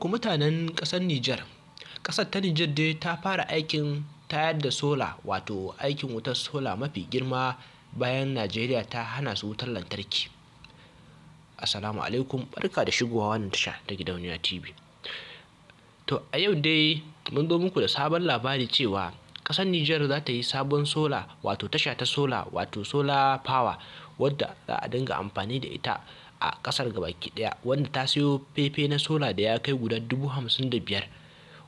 ku mutanen ƙasar Nijar. Ƙasar ta Nijar dai ta fara aikin tayar da sola wato aikin wutar sola mafi girma bayan Najeriya ta hana su wutar lantarki. Assalamu alaikum barka da shigowa wannan tasha ta gidauniya TV. To a yau dai mun zo muku da sabon labari cewa ƙasar Nijar za ta yi sabon sola wato tasha ta sola wato sola power wadda za a dinga amfani da ita a kasar gabaki daya wanda ta siyo fefe na sola da ya kai guda dubu hamsin da biyar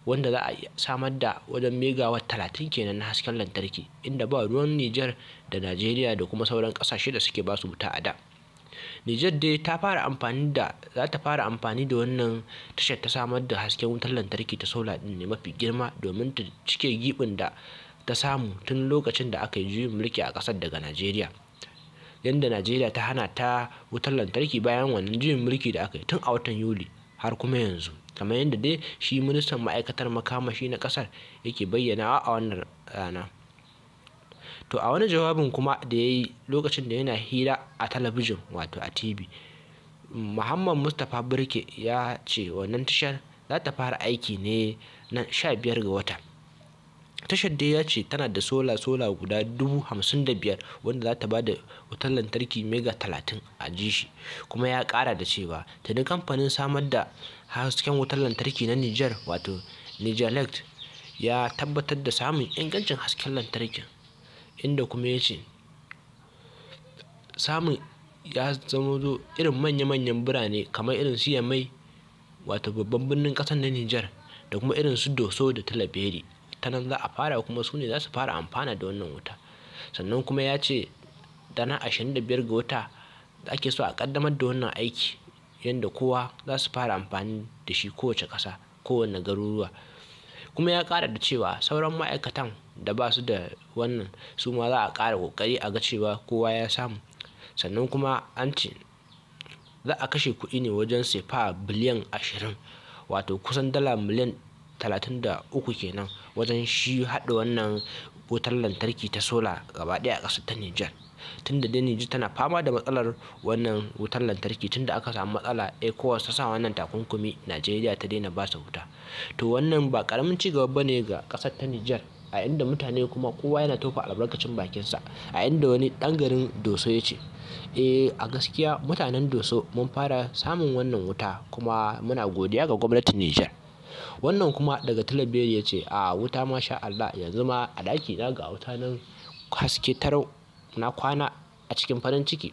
wanda za a samar da wajen megawatt talatin kenan na hasken lantarki inda ba ruwan Nijar da Najeriya da kuma sauran kasashe da suke basu wuta a da. Nijar dai ta fara amfani da za ta fara amfani da wannan tashar ta samar da hasken wutar lantarki ta sola din ne mafi girma domin ta cike gibin da ta samu tun lokacin da aka yi juyin mulki a ƙasar daga Najeriya. yadda najeriya ta hana ta wutar lantarki bayan wannan juyin mulki da aka yi tun a watan yuli har kuma yanzu kamar yadda dai shi ministan ma'aikatar makamashi na ƙasar yake bayyanawa a wannan rana to a wani jawabin kuma da ya yi lokacin da yana hira a talabijin wato a tv muhammad mustapha birke ya ce wannan tashar za ta fara aiki ne na 15 ga wata tashar dai ya ce tana da sola sola guda dubu hamsin da biyar wanda za ta ba da wutar lantarki mega talatin a jishi kuma ya kara da cewa tuni kamfanin samar da hasken wutar lantarki na niger wato nigerlect ya tabbatar da samun ingancin hasken lantarki inda kuma ya ce samun ya zama zo irin manya-manyan birane kamar irin su mai wato babban birnin ƙasar na niger da kuma irin su doso da talaberi ta nan za a fara kuma su ne za su fara amfana da wannan wuta sannan kuma ya ce da na 25 ga wuta da ake so a kaddamar da wannan aiki yadda kowa za su fara amfani da shi kowace ƙasa kowane garuruwa kuma ya ƙara da cewa sauran ma'aikatan da ba su da wannan su ma za a ƙara ƙoƙari a ga cewa kowa ya samu sannan kuma an ce za a kashe kuɗi ne wajen sefa biliyan ashirin wato kusan dala miliyan talatin da uku kenan wajen shi haɗa wannan wutar lantarki ta sola gaba ɗaya a ƙasar ta Nijar. da dai Nijar tana fama da matsalar wannan wutar lantarki tun da aka samu matsala ECOWAS ta sa wannan takunkumi Najeriya ta daina ba wuta to wannan ba karamin ci gaba bane ga ƙasar ta Nijar a inda mutane kuma kowa yana tofa albarkacin bakinsa a inda wani ɗan garin Doso ya ce e a gaskiya mutanen Doso mun fara samun wannan wuta kuma muna godiya ga gwamnatin Nijar wannan kuma daga talabijin ya ce a wuta masha Allah yanzu ma a daki na ga wuta nan haske tarau na kwana a cikin farin ciki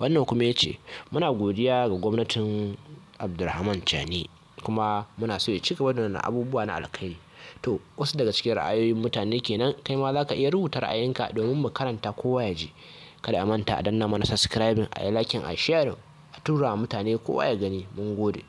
wannan kuma ya ce muna godiya ga gwamnatin abdulrahman chani kuma muna so ya ci gaba da abubuwa na alkhairi to wasu daga cikin ra'ayoyin mutane kenan kai ma za ka iya rubuta ra'ayinka domin mu karanta kowa ya ji kada a manta a danna mana subscribing a yi lakin a share a tura mutane kowa ya gani mun gode